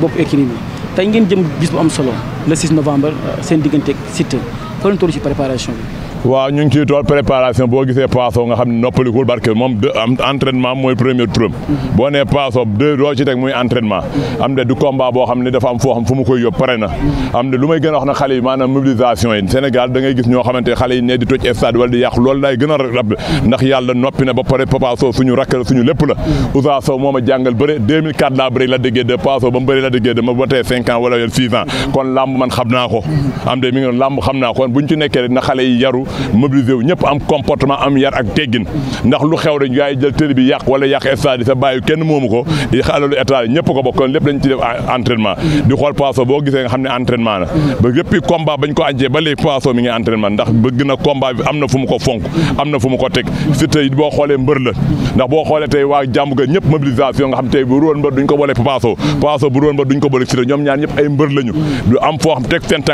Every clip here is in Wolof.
bopp écurie bi tey ngeen jëm bis bu am solo le 6 novembre euh, seen diggante ak Siteu fa lañ toll ci préparation bi. waaw ñu ngi ciy tool préparation boo gisee paaso nga xam ne noppalikul barke moom am entraînement mooy premier turam boo nee paaso deux doo ci teg muy entraînement am de du combat boo xam ne dafa am foo xam fu mu koy yóbbu pare na am de lu may gën a wax na xale yi maanaam mobilisation yi Sénégal da ngay gis ñoo xamante xale yi ne di toj stade wala di yàq loolu laay gën a rab ndax yàlla noppi na ba pare Papa Sow suñu rakk la suñu lépp la Ousa Sow moom a jàngal bëre xam naa ko am de mi ngi na xale yi yaru mobilisé wu ñëpp am comportement am yar ak teggin ndax lu xew rek yaay jël télé bi wala yàq stade yi sa bàyyi kenn moomu ko alalu état yi ñëpp ko lépp dañ ci def entraînement di xool poisson boo ne entraînement la ba yëppi combat bañ ko àncee ba léegi poisson na combat bi am na fu mu ko na fu mu ko teg si xoolee mbër la ndax boo xoolee tey waa jàmm ga ñëpp mobilisation nga xam tey bu róon mbër duñ ko boole poisson poisson bu róon mbër ñëpp ay mbër lañu du am foo xam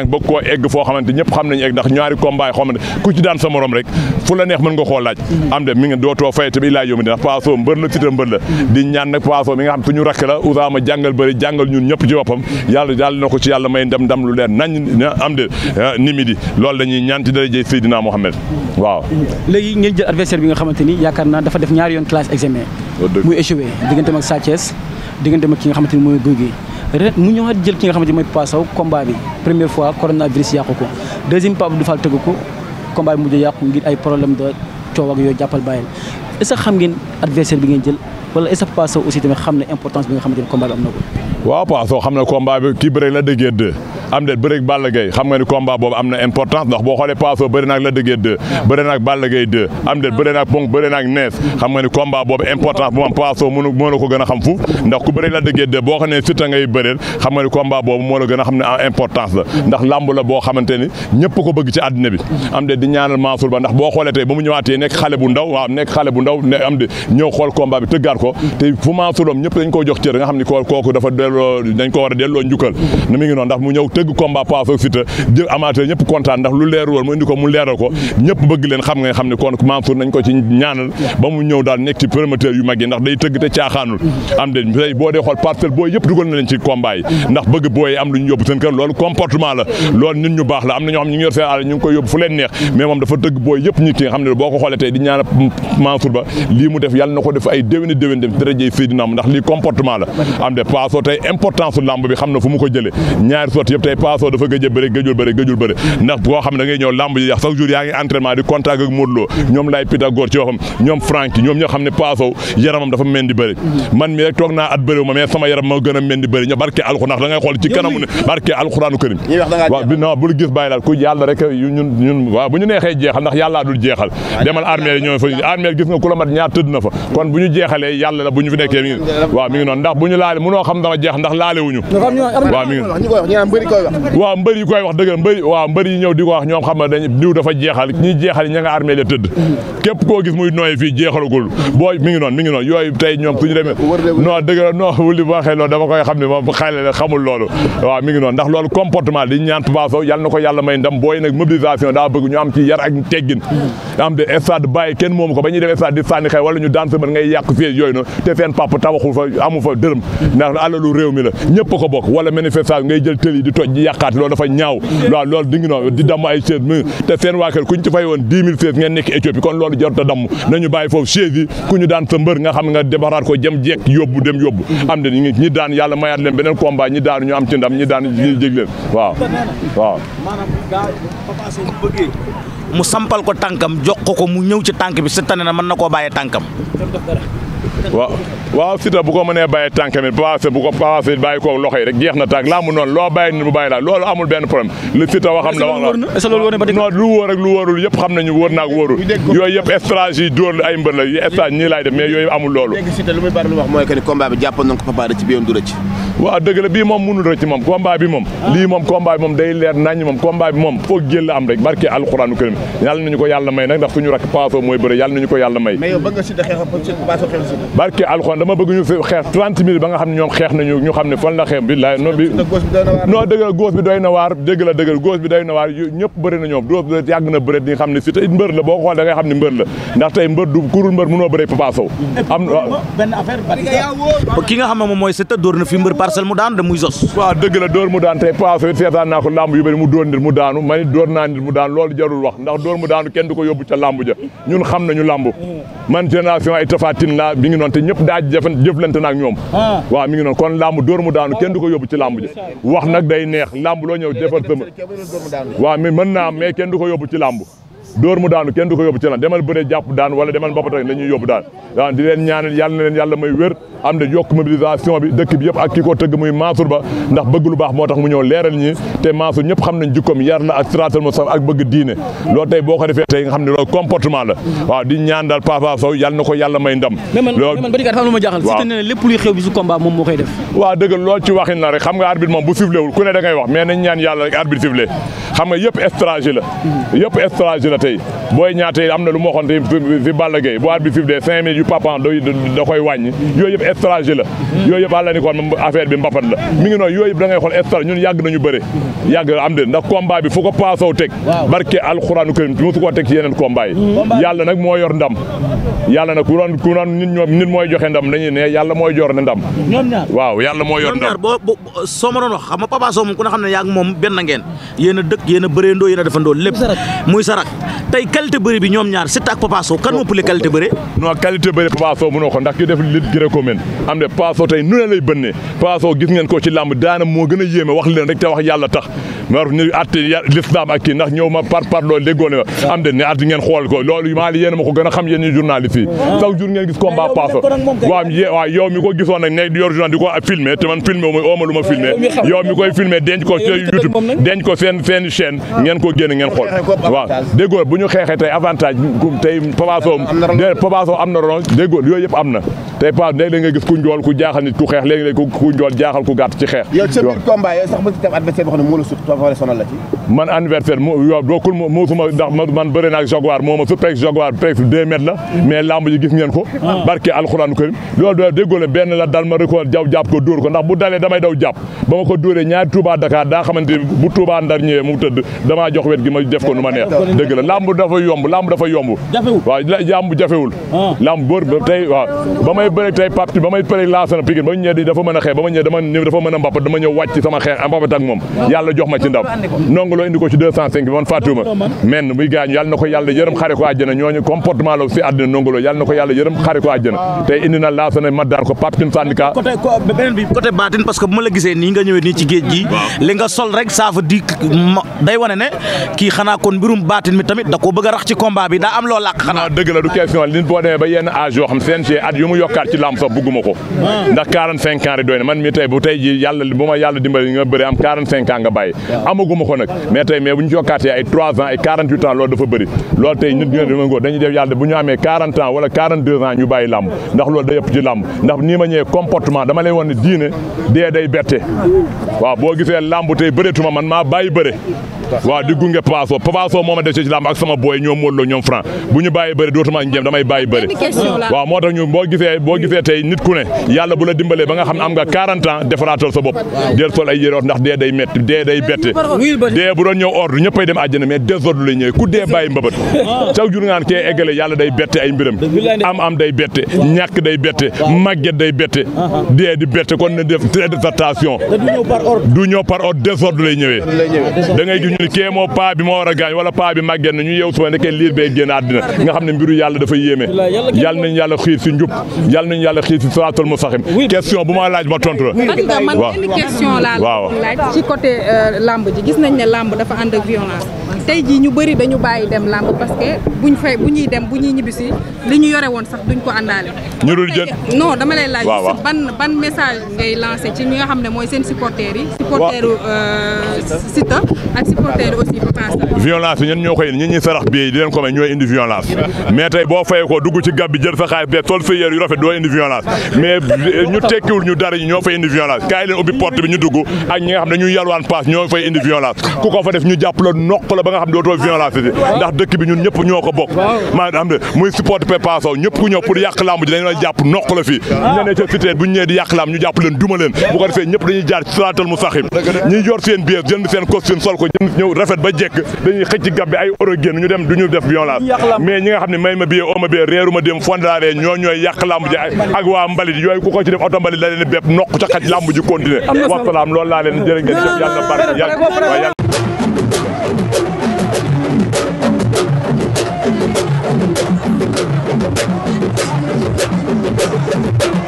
egg foo xamante ñëpp xam nañu egg ndax ñaari combat yi xamante ku ci daan sa morom rek fu la neex mën nga koo laaj am de mi nga dootoo fay te bi laaj yow mi ndax paaso mbër la sita mbër di ñaan nag paaso mi nga xam na ko ci yàlla may ndam ndam lu leer ah, muy échoué digganteem ak Sa Thiès digganteem ki nga xamante ni mooy Gouye Gui ret jël ki nga xamante ni mooy Papa bi première fois coronavirus yàqu ko deuxième Pape Abdou Fall tëgg ko combat bi mujj yàqu ngir ay problème de coow ak yooyu jàppal bàyyil est ce que xam ngeen adversaire bi ngeen jël wala est ce que Papa Sow aussi tamit xam ne importance bi nga xamante ne combat bi am na ko. waaw Papa xam ne combat bi kii la déggee deux. am déet bëreeg Balla Gaye xam nga ni combat boobu am na importance ndax boo xoolee Paaso bëri naag la dëggee deux bëri naag Balla Gaye deux am déet a xam fuuf a xam ne en importance la ndax làmb de ñëw xool combat bi tëggaat ko te fu Mansour am dañ koo jox cër nga xam ni kooku dafa delloo dañ ko war a delloo njukkal na mi ngi mu ñëw dëgg tëgg te caaxaanul am de booy yëpp dugal leen ci combat ndax bëgg booy am lu ñu yóbbu seen kër loolu comportement la loolu leen neex mais moom dafa booy yëpp nit nga xam ne boo ko xoolee tey di ñaanal Mansour ba lii mu def yàlla na ko def ay déwéni déwén def dérëjey Seydina am ndax lii comportement la am de paasoo tey importance u bi xam na fu mu ko jëlee ñaari sot yëpp tey paasoo dafa gëj a bëri gëjul bëri gëjul bëri ndax koo xam ne da ngay ñëw lamb ji chaque jour yaa di contact ak Modou Lo ñoom laay Pythagore ci waxam ñoom Franck ñoom ñoo xam ne paasoo yaramam dafa mel di man mi toog naa at bëriwu ma mais sama yaram ma gën a mel di bëri ña gis bàyyi laal ku yàlla rek ñun ñun waaw jeexal ndax yàllaa dul jeexal demal armée ñoo fa armée gis nga ku la mat ñaar tëdd na fa kon bu ñu jeexalee yàlla la bu ñu fi nekkee mi ngi waaw mi waaw mbër yi koy wax dëgg mbëri waaw di ko wax ñoom xam na dañ dafa jeexal ñi jeexal ña nga armée la tëdd képp koo gis muy nooy fii jeexalagul boo mi ngi noonu mi ngi noonu yooyu tey ñoom suñu demee non dëgg la non yal na ko yàlla may ndam booy nag mobilisation daa bëgg ñu ko ba ñuy dem stade di sànni xëy wala ñu daan sëmër ngay yàq fii yooyu noonu te seen papa tabaxul fa amu fa dërëm ndax alalu réew mi la ñëpp ko bokk wala manifestation ngay jël tël yi di toj di yàqaat loolu dafa ñaaw waaw loolu di ngi noonu di damm ay chaise mi te seen waa kër kuñ woon dix mille chaise ngeen nekk Éthiopie kon loolu jarut a damm nañu bàyyi foofu chaise ku ñu daan sa nga xam nga defaraat ko jëm jekk yóbbu dem yóbbu am de ñi daan yàlla mayaat leen beneen combat ñi daanu ñu am ci ñi daan ñi leen mu sampal ko tànkam jox ko ko mu ñëw ci tànk bi seetane na mën na koo bàyyee tànkam waaw waaw Siteu ko mënee bàyyi tànkamit passé bu ko passé bàyyi loxo yi rek jeex na tànk laa mu noonu loo bàyyi nit mu bàyyi laa loolu amul benn problème li Siteu waxam la wax la lu wóor lu wóorul xam nañu wóor naak wóorul yooyu yëpp stratégie dóor ay mbër la stratégie ñii laay def mais yooyu amul loolu waaw dëgg la bii moom mënul rëcc moom combat bi moom lii moom combat bi moom day leer nañ moom combat bi moom foog jël am rek barke alxuraanu karim yàlla nañu ko yàlla may nag ndax suñu rakk paafa mooy dama bëgg ñu xeex trente mille ba nga xam ne ñoom xeex nañu ñu xam ne fan la xeex bi la non bi non dëgg la doy na waar dëgg la dëgg la góos bi doy na waar ñëpp bëri na ñoom doo na bëre di xam ne si tey mbër la boo xool da ngay xam ne mbër la ndax tey mbër parcelle mu daan de muy sos waaw dëgg la dóor mu daan tey passé seetaan naa ko lamb yu bëri mu dóor nit mu daanu ma ni dóor naa nit mu daanu loolu jarul wax ndax dóor mu daanu kenn du ko yóbbu ca lamb ja ñun xam nañu lamb man génération ay tafatin la mi ngi noonu te ñëpp ah. mu daanu kenn du ci lamb ja wax nag day neex lamb loo ñëw defar sama waaw mais mën naa mais kenn du daanu kenn du ko yóbbu ci lamb demal bëre jàpp daan wala demal na leen yàlla may am na yokk mobilisation bi dëkk bi yëpp ak ki ko tëgg muy Mansour Ba ndax bëgg lu baax moo tax mu ñëw leeral ñi te Mansour ñëpp xam nañ jikkoom yar la ak siraatal mustaqiim ak bëgg diine loolu tey boo ko defee tey nga xam ne loolu comportement la waaw di ñaan na ko yàlla may ndam lépp luy xew bi su combat moom moo koy def waaw dëgg lool ci waxin la rek xam nga arbitre moom bu sifflé wul ku ne da ngay wax mais nañ ñaan yàlla rek arbitre sifflé xam nga yëpp stratégie la mhm. yëpp stratégie la tey booy ñaatey am na lu ma waxoon stratégie la yooyu yëpp àlla ni kon affaire bi mbapat la mi ngi noonu yooyu yëpp da ngay xool stratégie ñun yàgg nañu bëre yàgg am de ndax combat bi fu ko paasaw teg barke alxuraanu karim mosu koo teg ci yeneen combat yi yàlla yor ndam yàlla nag ku doon nit mooy joxe ndam dañuy ne yàlla mooy joor ndam waaw yàlla mooy yor ndam soo ma xam nga papa ku ne xam ne yaa moom benn ngeen yéen a dëkk yéen a bëreendoo yéen a defandoo lépp muy sarak tey qualité bëri am de Paaso tey nu ne lay bënnee Paaso gis ngeen ko ci làmb daana moo gën a yéeme wax leen rek te wax yàlla tax mar ñu atte lislaam ak kii ndax ñëw ma par par loolu déggoo de ne at ngeen xool ko loolu maa li yéen ma ko gën a xam yéen ñu journaliste yi ah. chaque jour ngeen gis combat Paaso waaw waaw yow mi ko gisoon nag ne yor journal di ko filmé te man filmé wu ma oo ma lu ma filmé yow mi koy filmé denc ko ci YouTube denc ko seen seen chaîne ah. ngeen ko génn ngeen xool waaw déggoo bu ñu xeexee tey avantage tey Paaso Paaso am na ron déggoo yooyu yëpp am na tey pas léegi da a gis ku njool ku jaaxal nit ku xeex léegi léegi ku njool jaaxal ku gàtt ci xeex. yow ci biir combat yooyu sax mos itam adversaire boo xam ne moo la sut wala sonal la ci. man adversaire mu yow ndax man bëri naa ak Jaguar moo ma su peeg Jaguar peeg deux mètres la mais lamb ji ah. ko dóor ko ndax bu dalee damay daw jàpp ba ma ko dóoree ñaari Touba Dakar daa xamante bu Touba Ndar ñëwee mu tëdd damaa jox wet gi ma def ko nu ma neex dëgg la lamb dafa yomb lamb dafa yomb waaw lamb jafewul ah. lamb bër tey waaw bëre ba may bëre laasana dafa mën a xeex ba ma ñëwee dama dafa mën a mbappat dama ñëw wàcc sama xeex mbappat ak moom yàlla jox ma ci ndam nongu indi ko ci 205 bi man fàttuwuma men muy gaañu yàlla na ko xare ko àjjana ñooñu comportement indi na laasana ma daan ko Pape Tine Sandika beneen bi parce que bu ma la gisee nii nga ñëwee nii ci géej gi li nga sol rek ça veut day wane ne kii xanaa kon mbirum baatin mi tamit da ko rax ci combat bi daa am loo làq xanaa yaakaar ci làmb sax bugguma ko ah. ndax 45 ans rek doy na man mii tey bu tey ji yàlla bu ma yàlla dimbali nga bëri am 45 ans nga bàyyi amaguma ko nag mais tey mais bu ñu yokkaatee ay 3 ans ay 48 ans loolu dafa bëri loolu tey nit ñi yàlla bu ñu amee 40 ans wala 42 ans ñu bàyyi làmb ndax loolu da ci làmb ndax nii ma ñëwee comportement dama leen woon diine dee day bette ah. waaw boo gisee làmb tey bëreetuma man maa bàyyi bëre waaw di gunge Papa Sow Papa Sow moo ma def ci làmb ak sama booy ñoom Modou Lo ñoom bu ñu bàyyi bëri dootuma njëm damay bàyyi bëri waaw moo tax ñu boo gisee tey nit ku ne yàlla bu la dimbalee ba nga xam ne am nga 40 ans sa bopp del sol ay yéroot ndax dee day métti dee bu doon ñëw ordre ñëppay dem àjjana mais désordre lay ñëwee ku dee bàyyi mbëbët caw jur ngaan kee eggale yàlla day bette ay mbiram am am day bette ñàkk day bette màgget day bette uh-huh. dee di bette kon ne de très attention du ñëw par ordre désordre lay ni kee moo paa bi moo war a gaañ wala paa bi màggeen na ñu yeew suba nekkee liir bee génn àddina nga xam ne mbiru yàlla dafa yéeme yàlla nañu yàlla xiir si njub yàlla nañu yàlla xiir si siraatal mustaqiim question bu ma laaj la waaw ci côté euh, lamb ji gis nañ ne lamb dafa ànd ak violence tey jii ñu bëri dañu bàyyi dem lamb parce buñ fay bu dem bu ñibbisi li ñu yore woon sax duñ ko àndaale. ñu dul jën non dama lay laaj. ban ban message ngay lancé ci ñi nga xam ne mooy seen supporters yi. supporteru euh, Siteu supporter aussi violence bi ñun ñoo sarax bi di leen ko indi violence mais tey boo fayee ko dugg ci gab bi jël sa xaalis bee tool sa yére doo indi violence mais ñu tekkiwul ñu dara ñu dugg indi violence ku ko fa def ñu jàpp la nokk la ba nga xam ne dootoo violence si ndax dëkk bi ñun ñëpp ñoo ko bokk maanaam de muy supporter Papa Sow ñëpp ku ñëw lamb ji dañu jàpp nokk la fii ñeneen ca cité bu ñu ñëwee lamb ñu jàpp leen duma leen bu ko defee ñëpp dañuy jaar ci ñëw rafet ba jekk dañuy xëcc gab bi ay euro génn ñu dem du ñu def violence mais ñi nga xam ne may ma biyee ooma biyee réeruma dem fondaare ñoo ñooy yàq lamb ji ak waa mbalit yooyu ko ci def oto mbalit la leen bépp nokk ca xaj lamb ji continuer wasalaam loolu laa leen jërë ngeen jëf yàlla barke yàlla Thank you.